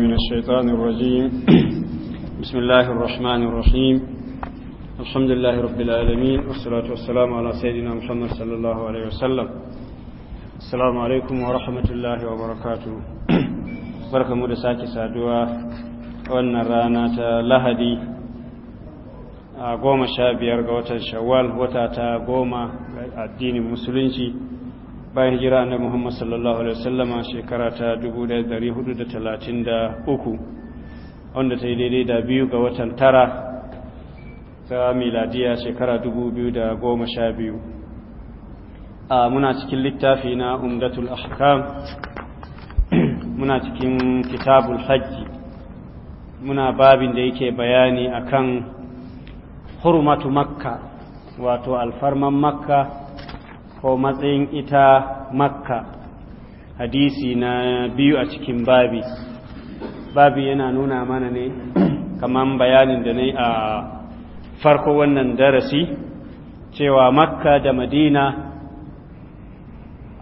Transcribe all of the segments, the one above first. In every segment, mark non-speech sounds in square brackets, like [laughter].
من الشيطان الرجيم بسم الله الرحمن الرحيم الحمد لله رب العالمين والصلاة والسلام على سيدنا محمد صلى الله عليه وسلم السلام عليكم ورحمة الله وبركاته بركة مدساك سادوا وأن رانا لهدي goma sha biyar ga watan shawwal wata ta goma addinin musulunci bayan hijira annabi Muhammad sallallahu alaihi wasallama shekara ta 1433 wanda ta yi daidai da biyu ga watan tara ta miladiya shekara 2012 a muna cikin littafi na umdatul ahkam [clears throat] muna cikin kitabul hajji muna babin da yake bayani akan hurmatu makka wato alfarman makka ko matsayin ita makka hadisi na biyu a cikin babi babi yana nuna mana ne [clears throat] kamar bayanin da ne a farko wannan darasi cewa makka da madina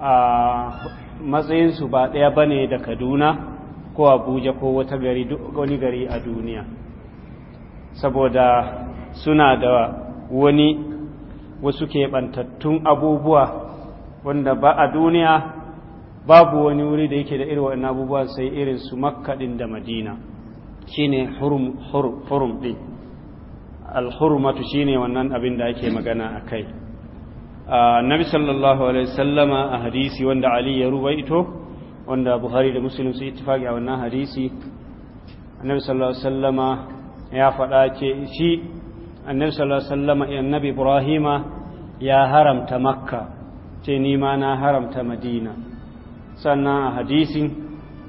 a matsayinsu ba ɗaya ba ne da kaduna ko abuja ko wata gari wani gari a duniya saboda suna da wani wasu keɓantattun abubuwa wanda ba a duniya babu wani wuri da yake da irin wa'in abubuwa sai irin su makkaɗin da madina shine hurum ɗin alhurumatu shine wannan abin da ake magana a kai nabi sallallahu alaihi sallama a hadisi wanda ali ya rubaito wanda buhari da musulun su ittifaki a wannan hadisi nabi sallallahu alaihi sallama ya faɗa ce shi annabi sallallahu alaihi wasallam annabi ibrahima ya haramta makka ce ni ma na haramta madina sannan a hadisin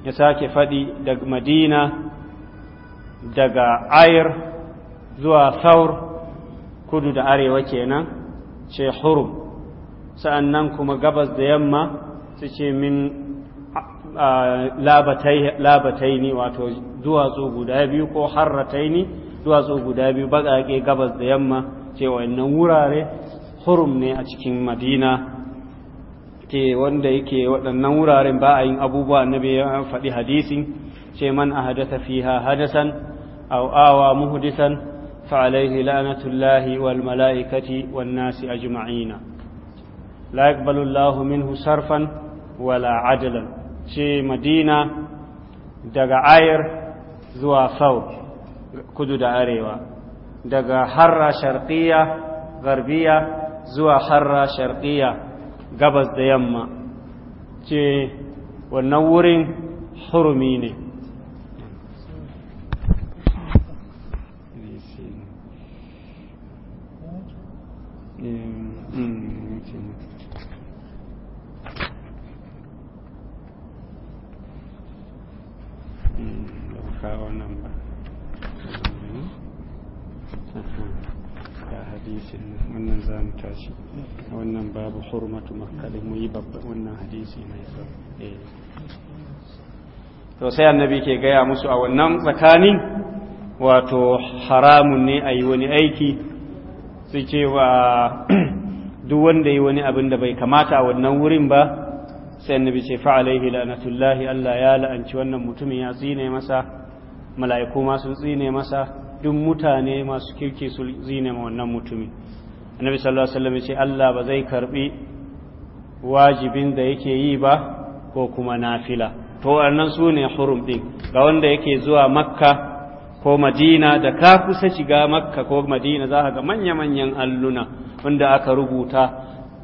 ya sake faɗi daga madina daga ayr zuwa saur kudu da arewa kenan ce hurum sa'annan kuma gabas da yamma su ce min labataini wato duwatsu guda biyu ko harrataini duwatsu guda biyu baƙaƙe gabas da yamma ce wa'annan wurare hurum ne a cikin madina ke wanda yake waɗannan wuraren ba a yin abubuwa na ya faɗi hadisin ce man a hadasa ha hadasan aw awa muhdisan fa alaihi la'natullahi wal mala'ikati wan nasi ajma'ina la yaqbalu Allahu minhu sarfan wala ce madina daga ayar zuwa sau kudu da arewa daga harra sharqiyya garbiya zuwa harra sharqiyya gabas da yamma ce wannan wurin hurumi ne mm, mm, mm hadisi wannan za mu tashi wannan babu hurmatu mu yi wannan hadisi mai eh. to sai annabi ke gaya musu a wannan tsakani wato haramun ne a yi wani aiki su ce wa [clears throat] duk wanda yi wani abin da bai kamata a wannan wurin ba sai annabi ce fa'alaihi la'anatullahi Allah ya la'anci wannan mutumin ya tsine masa mala'iku ma sun tsine masa duk mutane masu kirki su zine ma wannan mutumi annabi sallallahu alaihi wasallam ya ce Allah ba zai karbi wajibin da yake yi ba ko kuma nafila to wannan sune hurum din ga wanda yake zuwa makka ko madina da ka kusa shiga makka ko madina za ga manya-manyan alluna wanda aka rubuta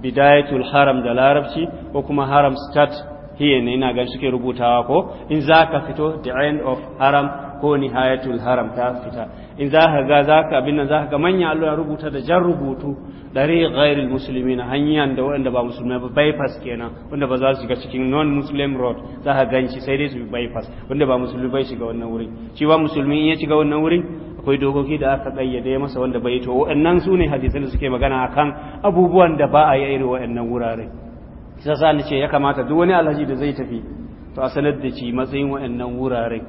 bidayatul haram da larabci ko kuma haram start here ne ina ga suke rubutawa ko in za fito the end of haram ko nihayatul haram ta fita in za ka ga za ka abin nan za ka ga manyan allura rubuta da jan rubutu dari ghairil muslimin a hanyar da waɗanda ba musulmai ba bypass kenan wanda ba za su shiga cikin non muslim road za ka ganci sai dai su bi bypass wanda ba musulmi bai shiga wannan wurin shi ba musulmi in ya shiga wannan wurin akwai dokoki da aka kayyade masa wanda bai to waɗannan su ne hadisan da suke magana akan abubuwan da ba a yi irin waɗannan wurare shi sa ni ce ya kamata duk wani alhaji da zai tafi to a sanar da shi matsayin waɗannan wurare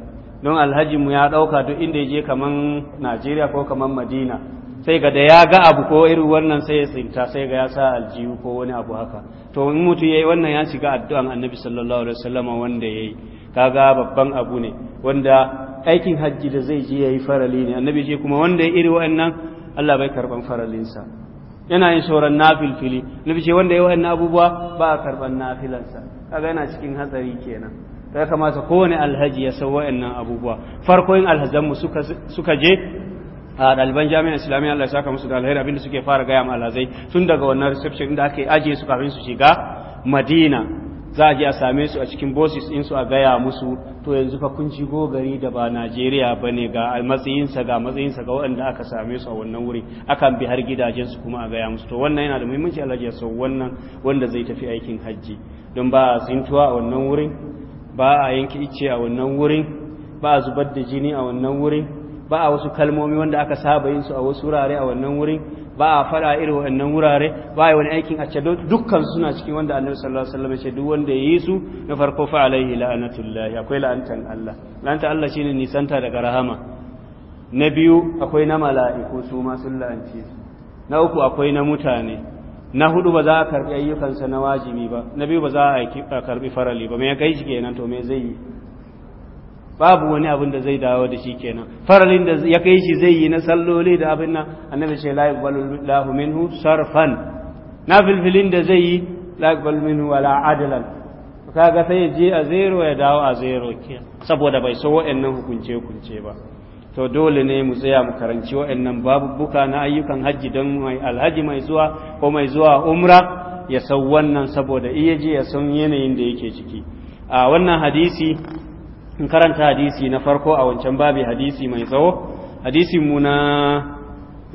don alhaji mu ya ɗauka duk inda ya je kaman najeriya ko kaman madina sai ga da ya ga abu ko irin wannan sai ya tsinta sai ga ya sa aljihu ko wani abu haka to in mutu yayi wannan ya shiga addu'an annabi sallallahu alaihi wasallam wanda yayi kaga babban abu ne wanda aikin hajji da zai je yayi farali ne annabi ce kuma wanda ya iri wa'annan Allah bai karban faralinsa yana yin sauran nafil fili nabi ce wanda yayi wa'annan abubuwa ba a karban nafilansa kaga yana cikin hatsari kenan ya kamata kowane alhaji ya san wa'annan abubuwa farko yin alhazanmu suka je a ɗaliban jami'ar islamiyya Allah ya saka musu da alheri abinda suke fara gaya malazai tun daga wannan reception inda ake ajiye su kafin su shiga madina za a je a same su a cikin bosses in su a gaya musu to yanzu fa kun shigo gari da ba Najeriya ba ne ga matsayinsa ga matsayinsa ga waɗanda aka same su a wannan wuri akan bi har gidajen su kuma a gaya musu to wannan yana da muhimmanci alhaji ya sau wannan wanda zai tafi aikin hajji don ba tsintuwa a wannan wurin ba a yanki ice a wannan wurin ba a zubar da jini a wannan wurin ba a wasu kalmomi wanda aka saba yin su a wasu wurare a wannan wurin ba a fara irin wannan wurare ba a wani aikin a cedo dukkan suna cikin wanda annabi sallallahu alaihi wasallam ya ce duk wanda yi su na farko fa alaihi la'anatullahi akwai la'antan Allah la'antan Allah shine nisanta daga rahama na biyu akwai na mala'iku su ma sun la'anci na uku akwai na mutane na hudu ba za a karbi ayyukansa na wajibi ba na biyu ba za a karbi farali ba me ya kai shi kenan to me zai yi babu wani abin da zai dawo da shi kenan faralin da ya kai shi zai yi na salloli da abin nan annabi ce la yaqbalu lahu minhu sarfan na filfilin da zai yi la yaqbalu minhu wala adlan kaga sai ya je a zero ya dawo a zero kenan saboda bai so wa'annan hukunce hukunce ba to dole ne mu tsaya mu karanci waɗannan babubuka na ayyukan hajji don mai alhaji mai zuwa ko mai zuwa umra ya san wannan saboda iya ji ya san yanayin da yake ciki a wannan hadisi in karanta hadisi na farko a wancan babi hadisi mai tsawo hadisi mu na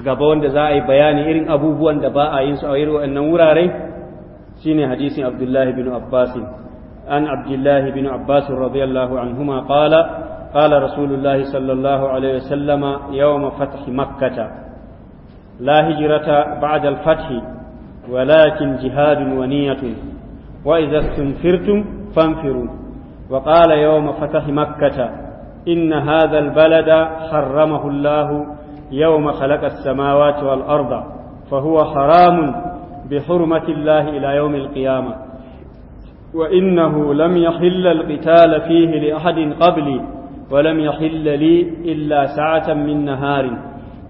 gaba wanda za a yi bayani irin abubuwan da ba a yin su a irin wa'annan wurare shine hadisin Abdullahi bin Abbas an Abdullahi bin Abbas radiyallahu anhuma qala قال رسول الله صلى الله عليه وسلم يوم فتح مكة لا هجرة بعد الفتح ولكن جهاد ونية وإذا استنفرتم فانفروا وقال يوم فتح مكة إن هذا البلد حرمه الله يوم خلق السماوات والأرض فهو حرام بحرمة الله إلى يوم القيامة وإنه لم يحل القتال فيه لأحد قبلي ولم يحل لي إلا ساعة من نهار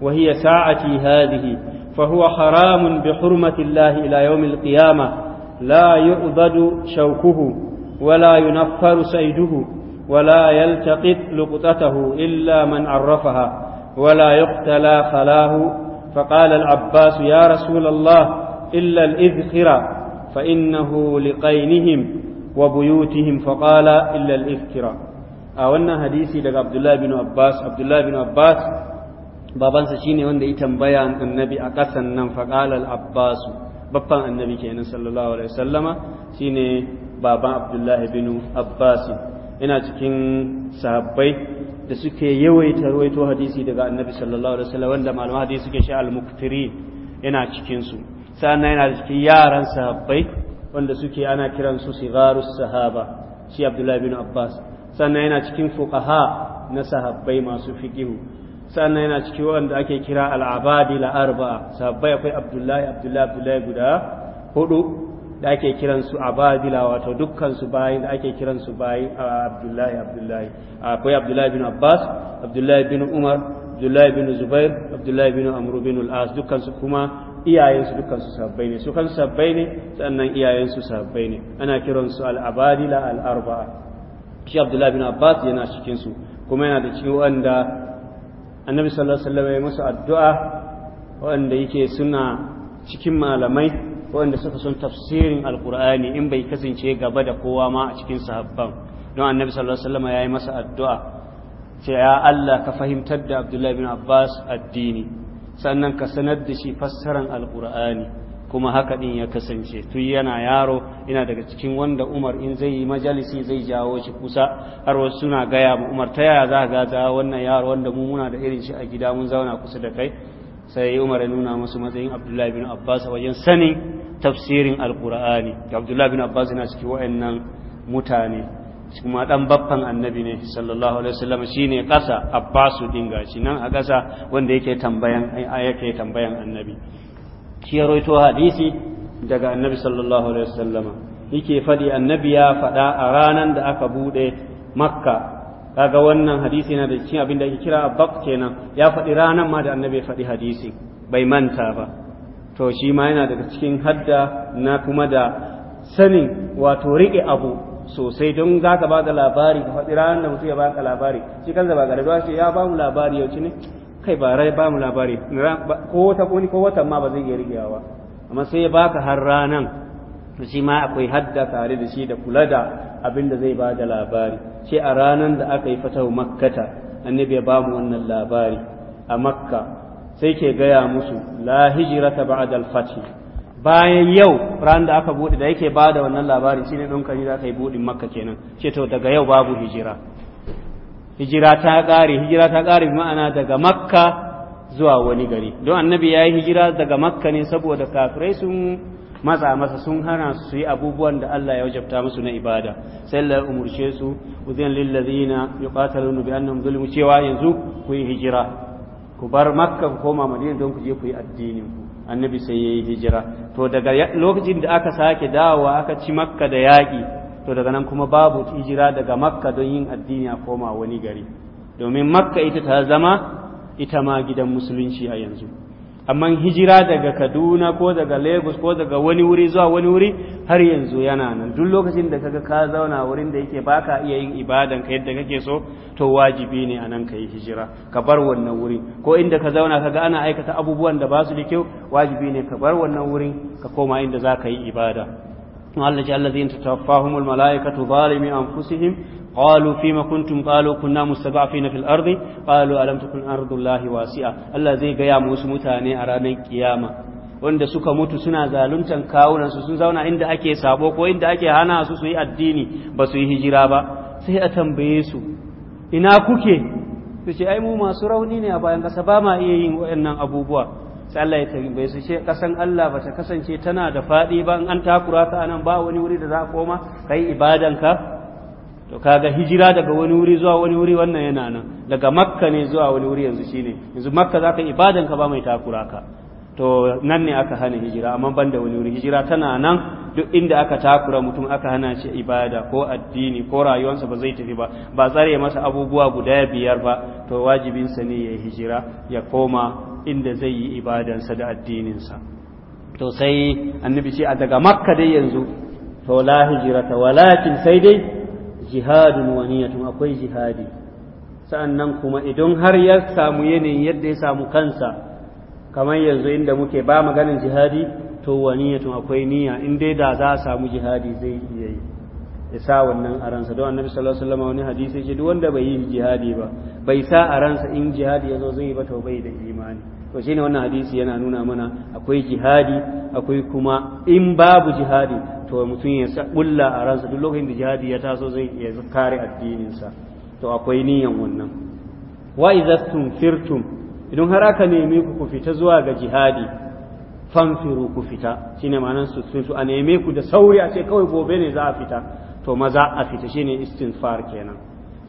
وهي ساعتي هذه فهو حرام بحرمة الله إلى يوم القيامة لا يؤضد شوكه ولا ينفر سيده ولا يلتقط لقطته إلا من عرفها ولا يقتلى خلاه فقال العباس يا رسول الله إلا الإذخرة فإنه لقينهم وبيوتهم فقال إلا الإذخرة a wannan hadisi daga abdullahi bin abbas abdullahi bin abbas babansa shine wanda ya tambaya annabi a ƙasan nan faƙala al-abbas babban annabi kenan sallallahu alaihi wasallama shine baban abdullahi bin abbas ina cikin sahabbai da suke yawaita ruwaito hadisi daga annabi sallallahu alaihi wasallam wanda malama hadisi suke shi al-muktiri yana cikin su sannan yana cikin yaran sahabbai wanda suke ana kiransu sigarus sahaba shi abdullahi bin abbas sannan yana cikin fuqaha na sahabbai masu fiqihu sannan yana cikin wanda ake kira al-abadila arba'a sahabbai akwai abdullahi abdullahi abdullahi guda hudu da ake kiran su abadila wato dukkansu bayin da ake kiran kiransu bayin abdullahi abdullahi akwai abdullahi bin abbas abdullahi bin umar abdullahi bin zubair abdullahi bin amru bin al-as dukkansu kuma iyayensu dukkansu sabbai ne su kan sabbai ne sannan iyayensu sabbai ne ana kiransu al-abadila al-arba'a shi abdullahi bin abbas yana cikinsu kuma yana da cikin wanda annabi sallallahu alaihi wasallam ya masa addu'a wanda yake suna cikin malamai wanda suka son tafsirin alqur'ani in bai kasance gaba da kowa ma a cikin sahabban don annabi sallallahu alaihi wasallam ya yi masa addu'a ce ya Allah ka fahimtar da abdullahi bin abbas addini sannan ka sanar da shi fassaran alqur'ani kuma haka din ya kasance tun yana yaro ina daga cikin wanda umar in zai yi majalisi zai jawo shi kusa har wasu suna gaya ma umar ta yaya za ga za wannan yaro wanda mu muna da irin shi a gida mun zauna kusa da kai sai umar ya nuna masu matsayin abdullahi bin abbas wajen sanin tafsirin alkur'ani abdullahi bin abbas yana cikin wa'annan mutane kuma dan baffan annabi ne sallallahu alaihi wasallam shine kasa abbasu dinga shi nan a kasa wanda yake tambayan yake tambayan annabi shi hadisi daga annabi sallallahu alaihi wasallam yake faɗi annabi ya faɗa a ranar da aka buɗe makka kaga wannan hadisi na da cikin abin da ake kira abaq kenan ya faɗi ranar ma da annabi ya faɗi hadisi bai manta ba to shi ma yana daga cikin hadda na kuma da sanin wato riƙe abu sosai don za ka ba da labari ka faɗi ranar da mutum ya ba ka labari shi kansa ba garba shi ya ba mu labari yau ne kai ba rai ba mu labari ko wata ko ko wata ma ba zai iya rigewa ba amma sai ya baka har ranan shi ma akwai hadda tare da shi da kula da abin da zai ba da labari ce a ranan da aka yi fatahu makkata annabi ya ba mu wannan labari a makka sai ke gaya musu la hijrata ba'da al-fath bayan yau ran da aka bude da yake bada wannan labari shine don yi da aka yi budin makka kenan ce to daga yau babu hijira hijira ta ƙare hijira ta ƙare ma'ana daga makka zuwa wani gari don annabi ya yi hijira daga makka ne saboda kafirai sun matsa masa sun hana su yi abubuwan da Allah ya wajabta musu na ibada sai Allah umurce su uzin lillazina yuqataluna bi annahum zulmu cewa yanzu ku yi hijira ku bar makka ku koma madina don ku je ku yi addinin ku annabi sai ya yi hijira to daga lokacin da aka sake dawowa aka ci makka da yaki. to daga nan kuma babu hijira daga makka don yin addini a koma wani gari domin makka ita ta zama ita ma gidan musulunci a yanzu amma hijira daga kaduna ko daga lagos ko daga wani wuri zuwa wani wuri har yanzu yana nan duk lokacin da kaga ka zauna wurin da yake baka iya yin ibadan ka yadda kake so to wajibi ne anan ka hijira ka bar wannan wuri ko inda ka zauna kaga ana aikata abubuwan da ba su da kyau wajibi ne ka bar wannan wurin ka koma inda za ka yi ibada Allah ce allazina tatawaffahumul malaikatu zalimi anfusihim قالوا فيما كنتم قالوا كنا مستضعفين في الأرض قالوا ألم تكن أرض الله واسعة الله زي gaya musu mutane a ranar kiyama wanda suka mutu suna zaluntan kawunan su sun zauna inda ake sabo ko inda ake hana su su yi addini ba su yi hijira ba sai a tambaye su ina kuke su ce ai mu masu rauni ne a bayan kasa ba ma iya yin waɗannan abubuwa sai Allah ya bai su ce kasan Allah ba ta kasance tana da faɗi ba in an takura ta anan ba wani wuri da za a koma kai ibadanka to kaga hijira daga wani wuri zuwa wani wuri wannan yana nan daga makka ne zuwa wani wuri yanzu shine yanzu makka ka ibadanka ba mai takura ka to nan ne aka hana hijira amma ban da wani wuri hijira tana nan duk inda aka takura mutum aka hana shi ibada ko addini ko rayuwarsa ba zai tafi ba ba tsare masa abubuwa guda biyar ba to wajibinsa ne ya hijira ya koma inda zai yi ibadansa da addininsa to sai annabi ce a daga makka dai yanzu to la hijrata walakin sai dai jihadun tun akwai jihadi sa'annan kuma idan har ya samu yanayin yadda ya samu kansa kamar yanzu inda muke ba maganin jihadi to tun akwai niyya in dai da za a samu jihadi zai iya yi ya wannan a ransa don annabi sallallahu alaihi wasallam wani hadisi yake duk wanda bai yi jihadi ba bai sa a ransa in jihadi yazo zai ba to bai da imani to shine wannan hadisi yana nuna mana akwai jihadi akwai kuma in babu jihadi to mutum ya sa bulla a ransa duk lokacin da jihadi ya taso zai ya kare addinin sa to akwai niyan wannan wa idastum firtum idan har aka neme ku ku fita zuwa ga jihadi fanfiru ku fita shine ma'anar su sun su a neme ku da sauri a ce kawai gobe ne za a fita to maza a fita shine istinfar kenan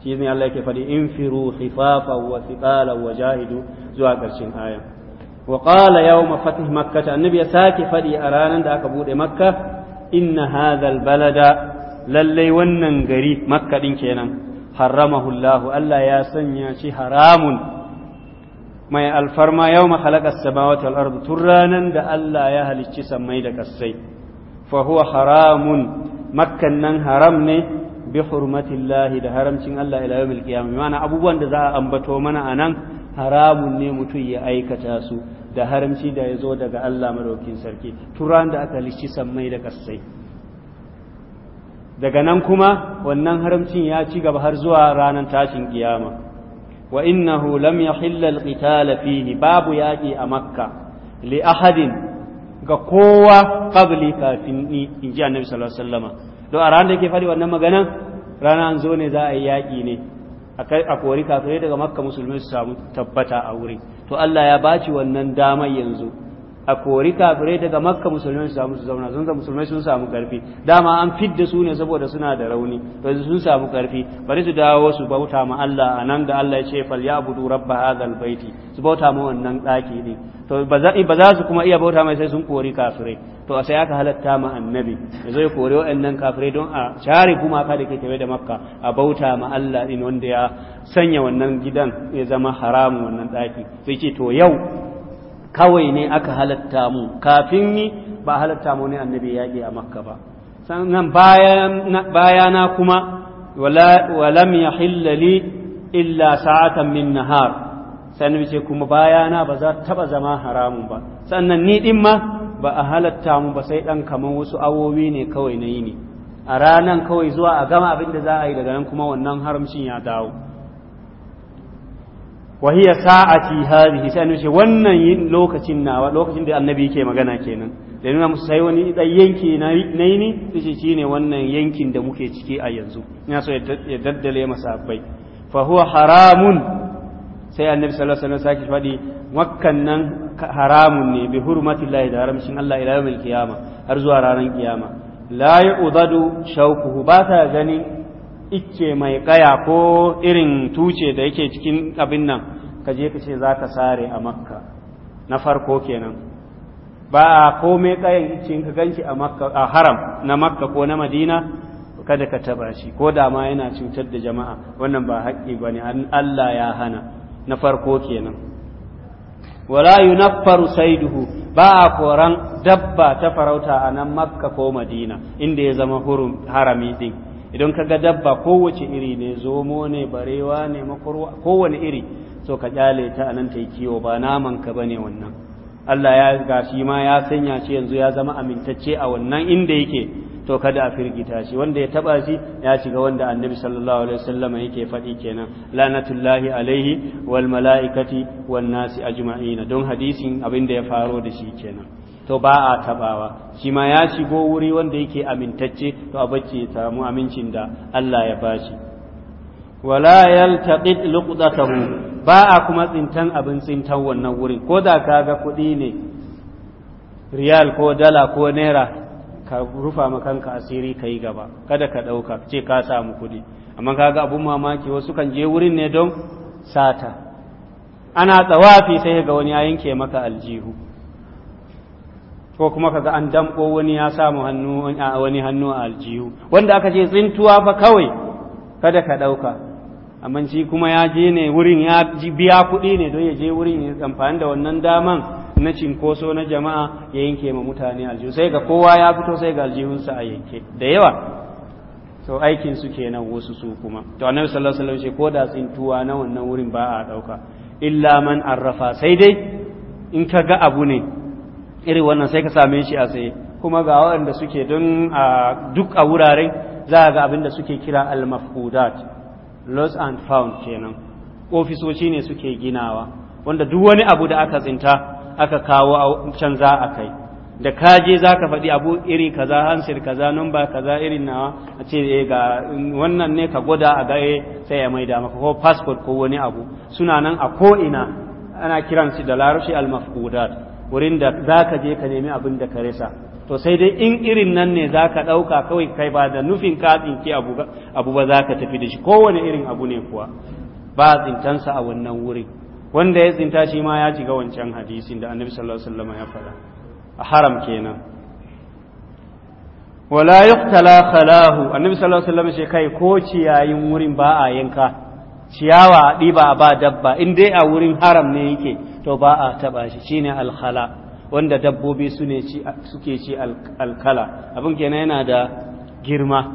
shi ne Allah yake fadi infiru khifafa wa thiqalan wa jahidu zuwa karshen aya wa qala yawma fatih makkah annabi ya saki fadi a ranar da aka bude makka inna hadhal balada lalle wannan gari makka din kenan haramahu Allah Allah ya sanya shi haramun mai alfarma yau mahalakar samawati wal tun turanan da Allah ya halicci sammai da kasai fa huwa haramun makkan nan haram ne bi hurmatillahi da haramcin Allah ila yawmil qiyamah mana abubuwan da za a ambato mana anan haramun ne mutum ya aikata su da haramci da ya zo daga Allah madaukin sarki turan da aka lishi sammai da kassai daga nan kuma wannan haramcin ya ci gaba har zuwa ranar tashin kiyama wa innahu lam yahilla alqitala fihi babu yaqi a makka li ahadin ga kowa qabli kafin ni in ji annabi sallallahu alaihi wasallama a ranar da yake faɗi wannan maganan rana an zo ne za a yi yaƙi ne a kori kafirai daga makka musulmi su samu tabbata a wuri to Allah ya baci wannan damar yanzu a kori kafirai daga makka musulmai su samu su zauna sun musulmai sun samu karfi dama an fidda su ne saboda suna da rauni to sun samu karfi bari su dawo su bauta ma Allah anan da Allah ya ce fal budu rabba hadal baiti su bauta ma wannan daki din to ba za su kuma iya bauta mai sai sun kori kafirai to sai aka halatta ma annabi ya zo ya kori waɗannan kafirai don a share gumaka da ke tafe da makka a bauta ma Allah din wanda ya sanya wannan gidan ya zama haramun wannan daki sai ce to yau kawai ne aka halatta mu kafin ni ba halatta mu ne annabi yaƙi a makka ba sannan bayana kuma walam ya hillali illa sa'atan min nahar sannan ce kuma bayana ba za taɓa zama haramun ba sannan ni ɗin ma ba a halatta mu ba sai ɗan kamar wasu awowi ne kawai na yi ne a ranan kawai zuwa a gama abin da za a yi daga nan kuma wannan haramcin ya dawo wa hiya sa'ati hadhihi sai wannan yin lokacin nawa lokacin da annabi yake magana kenan da nuna musu sai wani dan yanki na yini sai ce shine wannan yankin da muke ciki a yanzu ina so ya daddale masabbai fa huwa haramun sai annabi sallallahu alaihi wasallam sake faɗi makkan nan haramun ne bi hurmatillahi da haramcin Allah ila yawmil qiyama har zuwa ranar kiyama la yu'dadu shawquhu ba ta ganin icce mai kaya ko irin tuce da yake cikin abin nan ka je ka ce za ka sare a makka na farko kenan ba a komai kayan icce ka ganshi a a haram na makka ko na madina kada ka taba shi ko da ma yana cutar da jama'a wannan ba haƙƙi ba ne allah ya hana na farko kenan wala yunaffaru saiduhu ba a koran dabba ta farauta a nan makka ko madina inda ya zama hurum harami din idan ka ga dabba kowace iri ne zomo ne barewa ne makarwa kowane iri so ka kyale ta anan ta yi kiwo ba naman ka bane wannan Allah ya ga shi ma ya sanya shi yanzu ya zama amintacce a wannan inda yake to kada a firgita shi wanda ya taba shi ya shiga wanda annabi sallallahu alaihi wasallam yake faɗi kenan lanatullahi alaihi wal mala'ikati wan nasi ajma'ina don hadisin abin da ya faro da shi kenan to ba a tabawa shi ma ya shigo wuri wanda yake amintacce to a bacci ya samu amincin da Allah ya bashi wala yaltaqit luqdatahu ba a kuma tsintan abin tsintan wannan wurin ko da ga kuɗi ne riyal ko dala ko naira ka rufa makanka asiri ka gaba kada ka ɗauka ce ka samu kuɗi amma kaga abun mamaki wasu kan je wurin ne don sata ana tsawafi sai ga wani ya yanke maka aljihu ko kuma kaga an damko wani ya samu hannu wani hannu a aljihu wanda aka ce tsintuwa fa kawai kada ka ɗauka amma shi kuma ya je ne wurin ya biya kuɗi ne don ya je wurin ya amfani da wannan daman na cinkoso na jama'a ya yanke ma mutane aljihu sai ga kowa ya fito sai ga aljihunsa a yanke da yawa to aikin su kenan wasu su kuma to annabi sallallahu alaihi wasallam ko da tsintuwa na wannan wurin ba a ɗauka illa man arrafa sai dai in ka ga abu ne irin wannan sai ka same shi a tsaye kuma ga waɗanda suke don duk a wuraren za a ga abin da suke kira al mafudat lost and found kenan ofisoci ne suke ginawa wanda duk wani abu da aka zinta aka kawo can za a kai da kaje za ka faɗi abu iri kaza hansir kaza numba kaza irin nawa a ce e ga wannan ne ka gwada a gaye eh, sai ya maida maka ko passport ko wani abu suna nan a ko'ina ana kiransu da larushi al mafudat wurin da za ka je ka nemi abin da ka resa to sai dai in irin nan ne za ka ɗauka kawai kai ba da nufin ka tsinki abu ba za ka tafi da shi kowane irin abu ne kuwa ba tsintansa a wannan wurin wanda ya tsinta shi ma ya shiga wancan hadisin da annabi sallallahu alaihi wasallam ya faɗa a haram kenan wala yuqtala khalahu annabi sallallahu alaihi wasallam shi kai ko ciyayin wurin ba a yanka ciyawa a ɗiba a ba dabba in dai a wurin haram ne yake to ba a taɓa shi shine alkhala wanda dabbobi suke ci alkala abin kenan yana da girma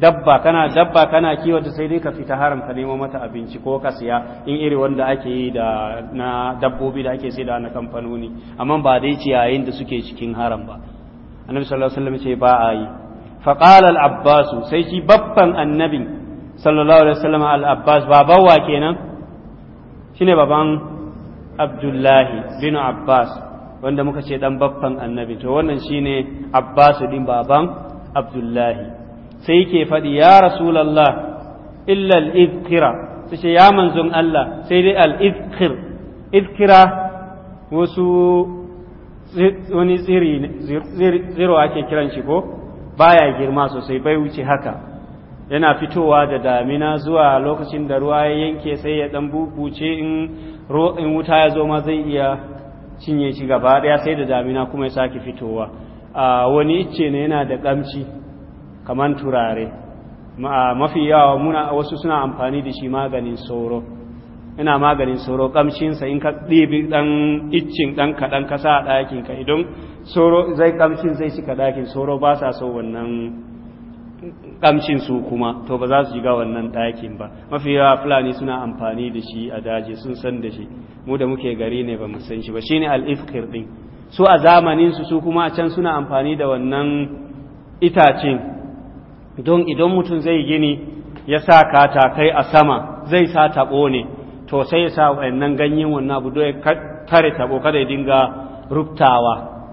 dabba kana dabba kana kiwata sai dai ka fita haram ka nemo mata abinci ko ka siya in iri wanda ake yi da na dabbobi da ake sai da na kamfanoni amma ba dai ciyayin da suke cikin haram ba annabi sallallahu alaihi wasallam ce ba a yi fa qala al abbas sai shi babban annabi sallallahu alaihi wasallam al-abbas baban wa kenan shine baban abdullahi bin abbas wanda muka ce dan babban annabi to wannan shine abbas din baban abdullahi sai yake faɗi ya rasulullah illa al-izkira sai ce ya manzon Allah sai dai al-izkir izkira wasu wani tsiri ake kiran shi ko baya girma sosai bai wuce haka yana fitowa da damina zuwa lokacin da ruwa ya yanke sai ya dan bubuce in ruwan wuta ya zo ma zai iya cinye shi gaba daya sai da damina kuma ya sake fitowa a wani icce ne yana da kamci kaman turare mafi yawa muna wasu suna amfani da shi maganin sauro ina maganin sauro sa in ka dibi ɗan iccin ɗan kaɗan ka sa a ka idan sauro zai kamcin zai cika dakin sauro ba sa so wannan kamshin su kuma to ba za su shiga wannan ɗakin ba mafi yawa fulani suna amfani da shi a daji sun san da shi mu da muke gari ne ba mu san shi ba shi ne al'ifkir ɗin su a zamanin su su kuma a can suna amfani da wannan itacin don idan mutum zai gini ya sa katakai a sama zai sa taɓo ne to sai ya sa wannan ganyen wannan abu don ya tare tabo kada ya dinga rubtawa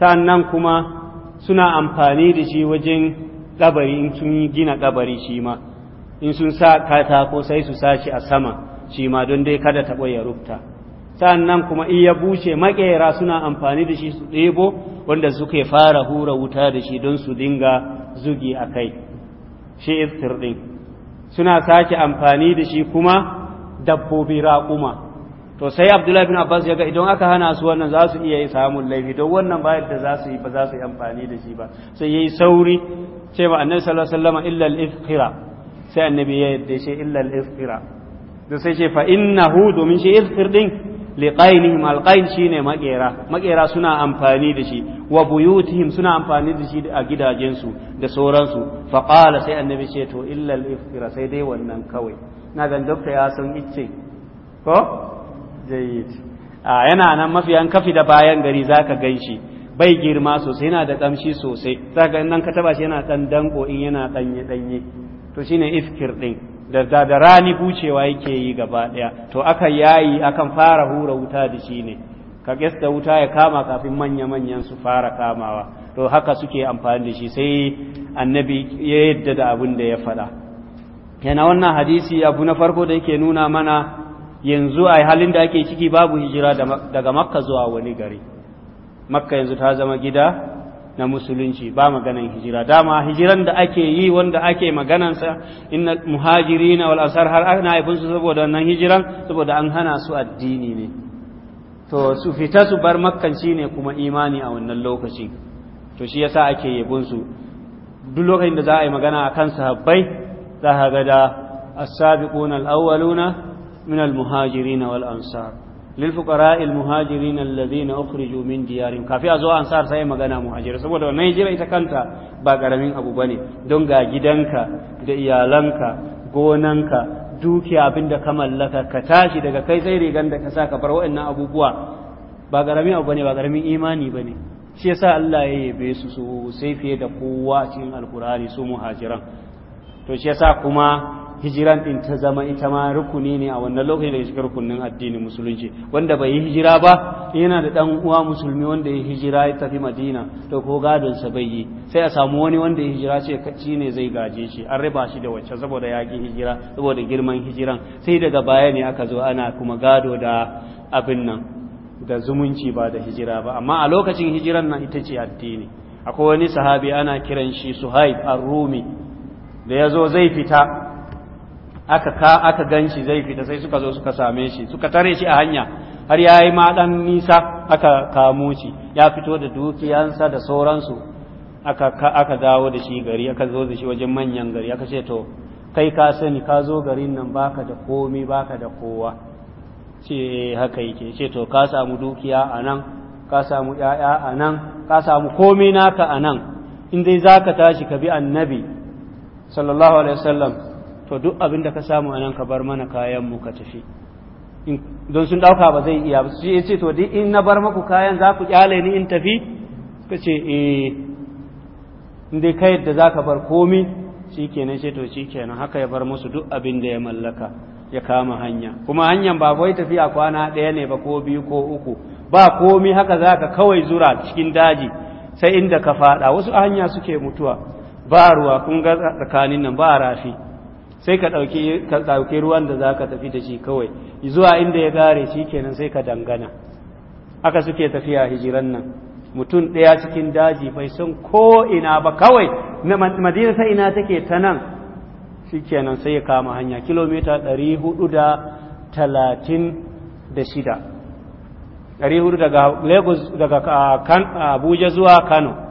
sannan kuma suna amfani da shi wajen kabari in sun gina kabari shi ma in sun sa katako sai su sa a sama shi ma don dai kada ta ya rufta sannan kuma iya bushe buce makera suna amfani da shi su ɗebo wanda suke fara hura wuta da shi don su dinga zugi a kai shi iftir ɗin suna sake amfani da shi kuma dabbobi raƙuma to sai abdullahi bin abbas ya ga idan aka hana su wannan za su iya samun laifi don wannan ba yadda za su yi ba za su yi amfani da shi ba sai ya yi sauri ce ba annabi sallallahu alaihi wasallam illa al-ifkhira sai annabi ya yadda shi illa al-ifkhira da sai ce fa innahu domin shi ifkhir din al alqain shine makera makera suna amfani da shi wa buyutihim suna amfani da shi a gidajensu da sauransu fa qala sai annabi ce to illa al-ifkhira sai dai wannan kawai na gan dokta ya san icce ko jayyid a yana nan mafi an kafi da bayan gari zaka ganshi bai girma sosai yana da kamshi sosai ga nan ka taba shi yana dan danko in yana danye danye to shine iskir din da da, da rani bucewa yake yi gaba ɗaya to aka yayi akan fara hura wuta da shi ne ka gesta wuta ya kama kafin manya manyan su fara kamawa to haka suke amfani da shi sai annabi ya yadda da abin da ya fada yana wannan hadisi abu na farko da yake nuna mana yanzu a halin da ake ciki babu hijira daga makka zuwa wani gari makka yanzu ta zama gida na musulunci ba maganan hijira dama hijiran da ake yi wanda ake maganansa inna muhajirina wal asar har ana haifin su saboda wannan hijiran saboda an hana su addini ne to su fita su bar makkan shine kuma imani a wannan lokaci to shi yasa ake yabon su duk lokacin da za a yi magana akan sahabbai za ka ga da as-sabiquna al-awwaluna min al-muhajirin wal ansar للفقراء المهاجرين الذين أخرجوا من ديارهم كافي أزوا أنصار سأي مغانا مهاجر سبوة ونهجر إتكانتا باقرمين أبو بني دونغا جدنكا ديالنكا غوننكا دوكي أبند كمال لك كتاشي دقا كي سيري غند كساكا بروا إنا أبو بوا باقرمين أبو بني باقرمين إيماني بني شي يسا الله ya yabe su sosai fiye da kowa cikin alkurari su muhajiran to kuma hijiran din ta zama ita ma rukuni ne a wannan lokacin da cikin rukunin addinin musulunci wanda bai yi hijira ba yana da dan uwa musulmi wanda ya hijira ya tafi madina to ko gadon sa bai yi sai a samu wani wanda ya hijira ce kaci ne zai gaje shi an riba shi da wacce saboda yaƙi hijira saboda girman hijiran sai daga baya ne aka zo ana kuma gado da abin nan da zumunci ba da hijira ba amma a lokacin hijiran nan ita ce addini akwai wani sahabi ana kiran shi suhaib ar-rumi da ya zo zai fita aka ka aka shi zai fita sai suka zo suka same shi suka tare shi a hanya har yayi ma dan nisa aka kamo shi ya fito da dukiyansa da sauransu aka aka dawo da shi gari aka zo da shi wajen manyan gari aka ce to kai ka sani ka zo garin nan baka da komai baka da kowa ce haka yake ce to ka samu dukiya a nan ka samu ‘ya'ya a nan ka samu komai naka a nan in dai za ka tashi ka bi annabi sallallahu alaihi wasallam to duk abin da ka samu a nan ka bar mana kayan mu ka tafi don sun dauka ba zai iya ba su ce to duk in na bar maku kayan za ku kyale ni in tafi suka ce eh in ka yadda za ka bar komi shikenan ce to shikenan haka ya bar musu duk abin da ya mallaka ya kama hanya kuma hanyar ba kawai tafiya kwana ɗaya ne ba ko biyu ko uku ba komi haka za ka kawai zura cikin daji sai inda ka faɗa wasu hanya suke mutuwa ba ruwa kun ga tsakanin nan ba rafi sai ka ɗauki ruwan da za ka tafi da shi kawai zuwa inda ya gare shi kenan sai ka dangana aka suke tafiya hijiran nan mutum ɗaya cikin daji bai san ko ina ba kawai madina ta ina take ta nan shi kenan sai ya kama hanya kilomita ɗari da shida ɗari daga lagos daga ah, abuja zuwa kano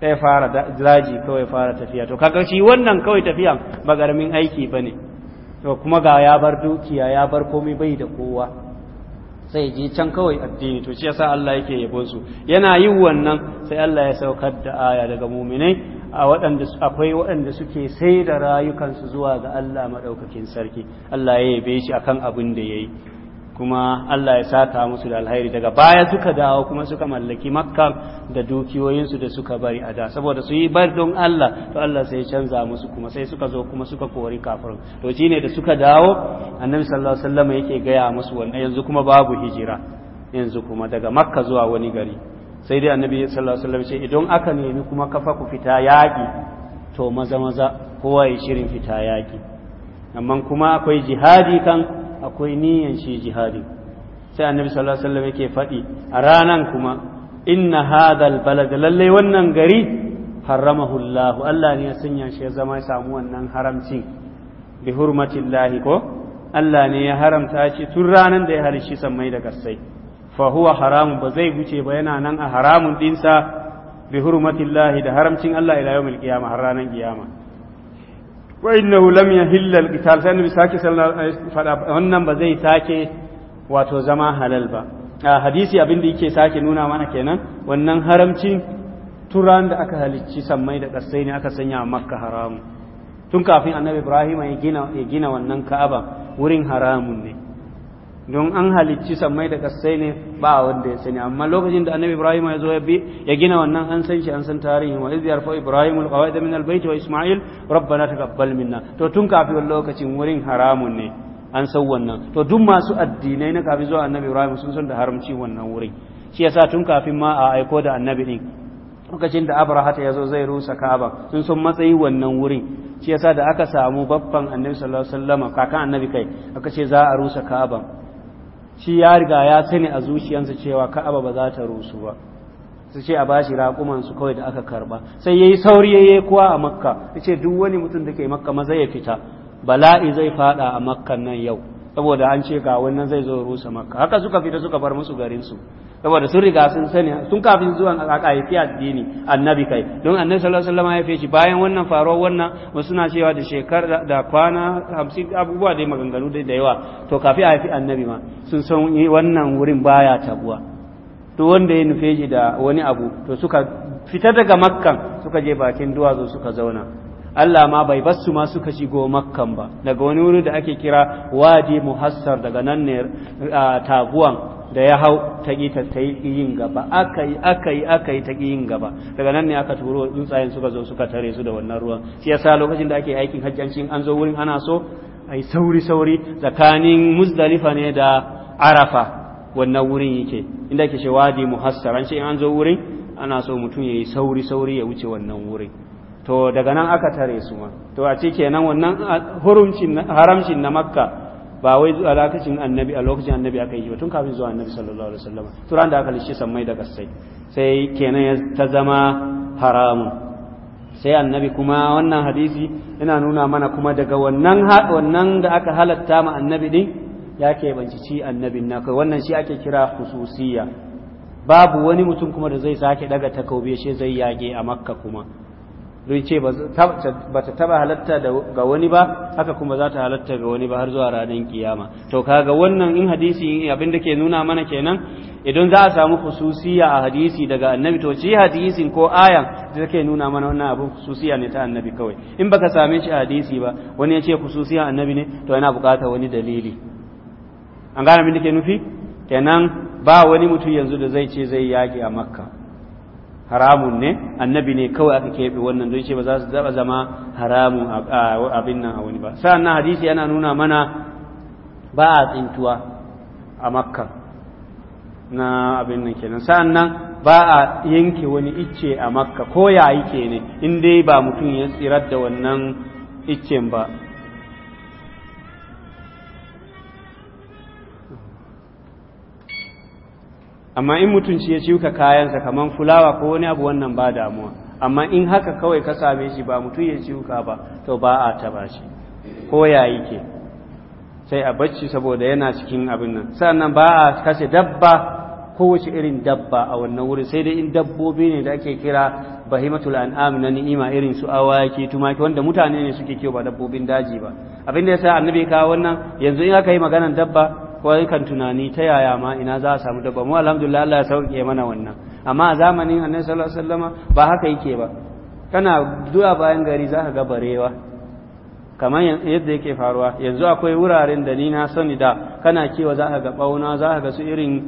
sai fara daji kawai fara tafiya to kaga shi wannan kawai tafiya ba garamin aiki bane to kuma ga ya bar dukiya ya bar komai bai da kowa sai je can kawai addini to shi yasa Allah yake yabon su yana yin wannan sai Allah ya saukar da aya daga muminai a waɗanda akwai waɗanda suke sai da rayukansu zuwa ga Allah madaukakin sarki Allah ya yabe shi akan abin da yayi kuma Allah ya sata musu da alhairi daga baya suka dawo kuma suka mallaki makka da dukiyoyinsu da suka bari a da saboda su yi bar don Allah to Allah sai ya canza musu kuma sai suka zo kuma suka kori kafirin to ne da suka dawo annabi sallallahu alaihi wasallam yake gaya musu wannan yanzu kuma babu hijira yanzu kuma daga makka zuwa wani gari sai dai annabi sallallahu alaihi wasallam ce idan aka nemi kuma kafa ku fita yaƙi to maza maza kowa ya shirin fita yaƙi amma kuma akwai jihadi kan akwai niyan shi jihadi sai annabi sallallahu alaihi wasallam yake faɗi a ranan kuma inna hadal balad lallai wannan gari haramahu Allah Allah ne ya sanya shi ya zama ya samu wannan haramcin bi hurmatillahi ko Allah ne ya haramta shi tun ranan da ya halishi sammai da kasai fa huwa haramun ba zai guce ba yana nan a haramun dinsa bi hurmatillahi da haramcin Allah ila yawmil qiyamah har ranan qiyama wa innahu lam yahilla alqital sai annabi sake fada wannan ba zai sake wato zama halal ba a hadisi abin da yake sake nuna mana kenan wannan haramcin turan da aka halicci sammai da ƙasai ne aka sanya a makka haramu tun kafin annabi ibrahim ya gina wannan ka'aba wurin haramun ne don an halicci sammai da kasai ne ba wanda ya sani amma lokacin da annabi ibrahim ya zo ya gina wannan an san shi an san tarihi wa idh yarfa ibrahim alqawaida min albayt wa isma'il rabbana taqabbal minna to tun kafin lokacin wurin haramun ne an san wannan to duk masu addinai na kafin zuwa annabi ibrahim sun san da haramci wannan wurin shi yasa tun kafin ma a aiko da annabi din lokacin da Abraha ta yazo zai rusa ka'aba sun san matsayi wannan wurin shi yasa da aka samu babban annabi sallallahu alaihi wasallam kakan annabi kai aka ce za a rusa ka'aba shi ya riga ya sani a zuciyarsa cewa ka'aba ba za ta rusu ba su ce a bashi raƙuman su kawai da aka karɓa sai ya yi sauri ya yi kuwa a makka ce duk wani mutum da ke makka maza ya fita bala'i zai fada a makkan nan yau saboda an ce ga wannan zai zo rusa makka haka suka fita suka bar musu garinsu. saboda sun riga sun sani sun kafin zuwan kakaifi addini annabi kai don annabi sallallahu alaihi wasallam ya fice bayan wannan faruwar wannan wasu na cewa da shekar da kwana 50 abubuwa dai maganganu dai da yawa to kafi a annabi ma sun san wannan wurin baya tabuwa to wanda ya nufe shi da wani abu to suka fitar daga makkan suka je bakin duwatsu suka zauna Allah ma bai su ma suka shigo makkan ba daga wani wuri da ake kira wadi muhassar daga nan ne tabuwan da ya hau ta ta ta yi yin gaba aka yi aka yi aka yi ta yin gaba daga nan ne aka turo tsuntsayen suka zo suka tare su da wannan ruwan shi yasa lokacin da ake aikin hajjancin an zo wurin ana so ai sauri sauri tsakanin muzdalifa ne da arafa wannan wurin yake inda ke ce wadi muhassar an ce an zo wurin ana so mutum ya yi sauri sauri ya wuce wannan wurin to daga nan aka tare su ma to a ce kenan wannan haramcin na makka ba wai zuwa lokacin annabi a lokacin annabi aka yi ba tun kafin zuwa annabi sallallahu alaihi wasallam turan da aka lishe sammai da kasai sai kenan ya ta zama haramun sai annabi kuma wannan hadisi yana nuna mana kuma daga wannan wannan da aka halatta ma annabi din ya ke banci annabin na kai wannan shi ake kira hususiya babu wani mutum kuma da zai sake daga takobi shi zai yage a makka kuma don ce ba ta taba halatta ga wani ba haka kuma za ta halatta ga wani ba har zuwa ranar kiyama to kaga wannan in hadisi abin da ke nuna mana kenan idan za a samu hususiya a hadisi daga annabi to shi hadisin ko ayan da take nuna mana wannan abu hususiya ne ta annabi kawai in baka same shi a hadisi ba wani ya ce hususiya annabi ne to yana buƙatar wani dalili an gane abin da ke nufi kenan ba wani mutum yanzu da zai ce zai yaƙi a makka haramun ne annabi ne kawai aka keɓe wannan don ce ba za su zaba zama haramun abin nan a wani ba na hadisi yana nuna mana ba a tsintuwa a makka na abin nan kenan nan ba a yanke wani icce a makka ko ya yi ne in dai ba mutum ya tsirar da wannan iccen ba amma in mutum ya ciwuka kayansa kamar fulawa ko wani abu wannan ba damuwa amma in haka kawai ka same shi ba mutum ya ciwuka ba to ba a taba shi ko ya yi ke sai a bacci saboda yana cikin abin nan sannan ba a kashe dabba ko kowace irin dabba a wannan wuri sai dai in dabbobi ne da ake kira bahimatul an'am na ni'ima irin su awaki tumaki wanda mutane ne suke kiyo ba dabbobin daji ba abin da yasa annabi kawo wannan yanzu in aka yi maganar dabba ko kan tunani ta yaya ma ina za a samu dabba mu alhamdulillah Allah ya sauke mana wannan amma a zamanin annabi sallallahu alaihi wasallam ba haka yake ba kana zuwa bayan gari za ka ga barewa kamar yadda yake faruwa yanzu akwai wuraren da ni na sani da kana kewa za ka ga ɓauna za ka ga su irin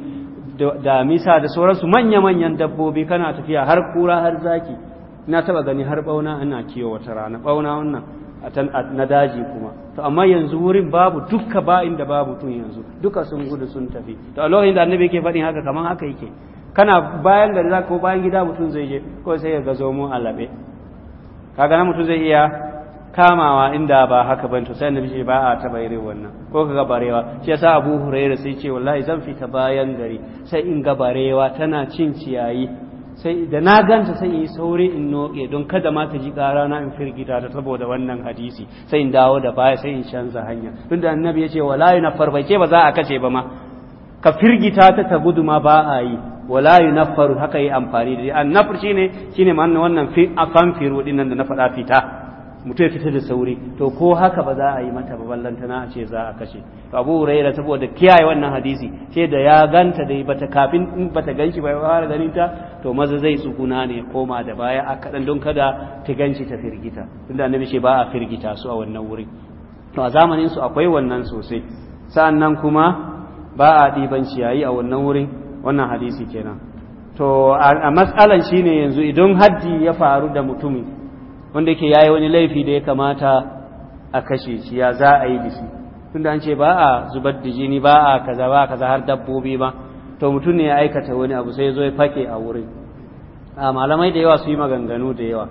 damisa da sauransu manya-manyan dabbobi kana tafiya har kura har zaki na taba gani har ɓauna ana kiwo wata rana ɓauna wannan na daji kuma to amma yanzu wurin babu dukka ba inda babu tun yanzu duka sun gudu sun tafi to a lokacin da annabi yake faɗin haka kaman haka yake kana bayan gari zaka ko bayan gida mutum zai je ko sai ya gazo mu alabe. kaga na mutum zai iya kamawa inda ba haka ban to sai annabi ce ba a taba irin wannan ko kaga barewa shi yasa Abu Hurairah sai ce wallahi zan fita bayan gari sai in ga barewa tana cin ciyayi sai da na ganta sai in yi sauri in noke don kada ma ta ji ƙara na in firgita ta saboda wannan hadisi sai in dawo da baya sai in canza hanya tun da annabi ya ce wala yunaffar bai ce ba za a kace ba ma ka firgita ta ta gudu ma ba a yi wala yunaffaru haka yi amfani da shi nafar shine shine ma'anar wannan fi firu dinnan da na faɗa fita mutum ya fitar da sauri to ko haka ba za a yi mata ballantana a ce za a kashe to abu huraira saboda kiyaye wannan hadisi sai da ya ganta dai bata kafin in bata ganshi ba fara ganin ta to maza zai tsuguna ne koma da baya a kadan don kada ta ganshi ta firgita tunda annabi ce ba a firgita su a wannan wuri to a zamanin su akwai wannan sosai sa'annan kuma ba a ɗiban ciyayi a wannan wurin wannan hadisi kenan to a matsalan shine yanzu idan haddi ya faru da mutumi. wanda yake yayi wani laifi da ya kamata a kashe shi ya za a yi da shi tunda an ce ba a zubar da jini ba a kaza ba kaza har dabbobi ba to mutum ne ya aikata wani abu sai ya zo ya fake a wurin a malamai da yawa su yi maganganu da yawa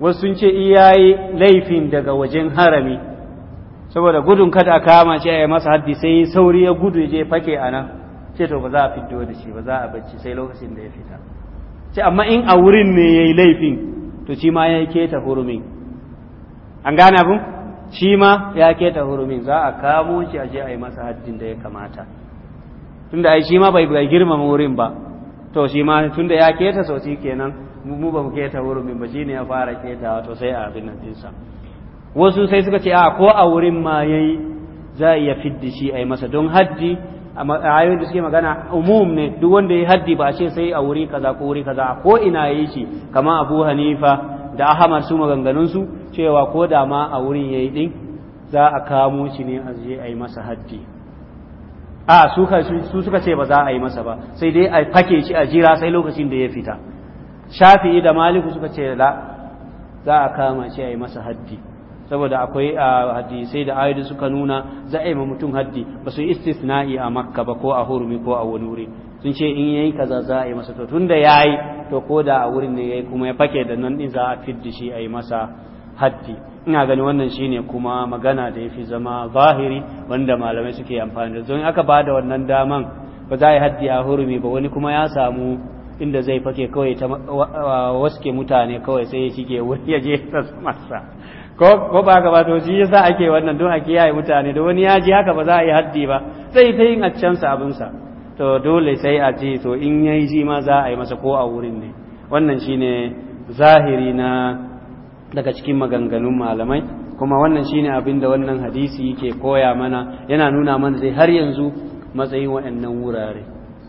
wasu sun ce iyayi laifin daga wajen harami saboda gudun kada a kama shi a masa haddi sai sauri ya gudu ya je fake a nan ce to ba za a fiddo da shi ba za a bacci sai lokacin da ya fita ce amma in a wurin ne ya yi laifin to shi ma ya keta hurumin an gane abin shi ma ya keta hurumin za a kamo shi a je a yi masa haddin da ya kamata tunda ai shi ma bai bai girmama wurin ba to shi ma tunda ya keta sauti kenan mu ba mu keta hurumin ba shine ya fara ketawa to sai a abin nan wasu sai suka ce a ko a wurin ma yayi za a iya fidda shi a yi masa don haddi ayoyin da suke magana umum ne duk wanda ya haddi ba ce sai a wuri kaza ko wuri kaza ko ina yayi shi kamar Abu Hanifa da Ahmad su maganganun su cewa ko da ma a wurin yayi din za a kamo shi ne a je a yi masa haddi a su suka ce ba za a yi masa ba sai dai a fake shi a jira sai lokacin da ya fita shafi'i da maliku suka ce la za a kama shi a yi masa haddi saboda akwai hadisai da ayoyi suka nuna za a yi ma mutum haddi ba su istisna'i a makka ba ko a hurumi ko a wani wuri sun ce in yayi kaza za a yi masa to tunda yayi to ko da a wurin ne yayi kuma ya fake da nan din za a fidda shi a yi masa haddi ina gani wannan shine kuma magana da yafi zama zahiri wanda malamai suke amfani da in aka bada wannan daman ba za a yi haddi a hurumi ba wani kuma ya samu inda zai fake kawai ta waske mutane kawai sai ya shige wuri ya je ta masa ko ba gaba to shi yasa ake wannan don a kiyaye mutane da wani ya ji haka ba za a yi haddi ba sai ta yin a can abinsa to dole sai a ce to in yayi shi ma za a yi masa ko a wurin ne wannan shine zahiri na daga cikin maganganun malamai kuma wannan shine abin da wannan hadisi yake koya mana yana nuna mana dai har yanzu matsayin waɗannan wurare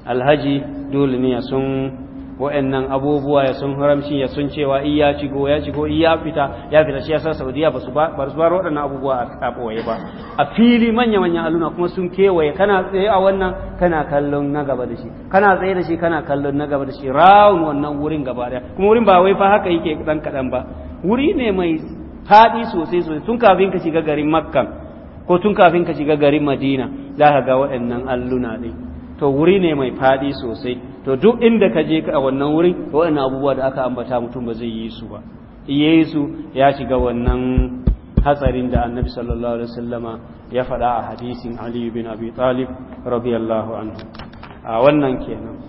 alhaji dole ne sun wa'annan abubuwa ya sun haramci ya sun cewa in ya shigo ya shigo in ya fita ya fita shi yasa Saudiya ba su ba su bar waɗannan abubuwa a ɓoye ba a fili manya manya aluna kuma sun kewaye kana tsaye a wannan kana kallon na gaba da shi kana tsaye da shi kana kallon na gaba da shi rawun wannan wurin gaba daya kuma wurin ba wai fa haka yake dan kadan ba wuri ne mai faɗi sosai sosai tun kafin ka shiga garin Makka ko tun kafin ka shiga garin Madina za ka ga waɗannan alluna ne to wuri ne mai faɗi sosai to duk inda ka je a wannan wurin waɗanda abubuwa da aka ambata mutum ba zai yi su ba iya su ya shiga wannan hatsarin da annabi sallallahu alaihi wasallama ya faɗa a hadisin ali bin abi talib radiyallahu anhu a wannan kenan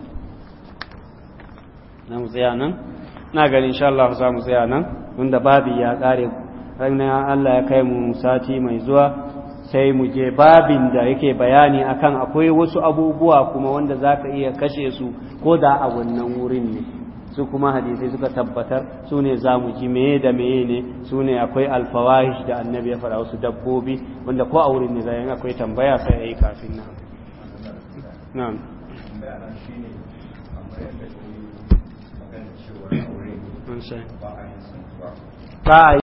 na mu tsaya nan na gani insha Allah za mu tsaya nan Wanda babi ya kare ranar Allah ya kai mu sati mai zuwa sai mu je babin da yake bayani akan akwai wasu abubuwa kuma wanda za ka iya kashe su ko da a wannan wurin ne su kuma hadisai suka tabbatar su ne za mu ji meye da meye ne su ne akwai alfawahish da annabi ya faɗa wasu dabbobi wanda ko a wurin ne zai akwai tambaya sai ya yi kafin nan ba a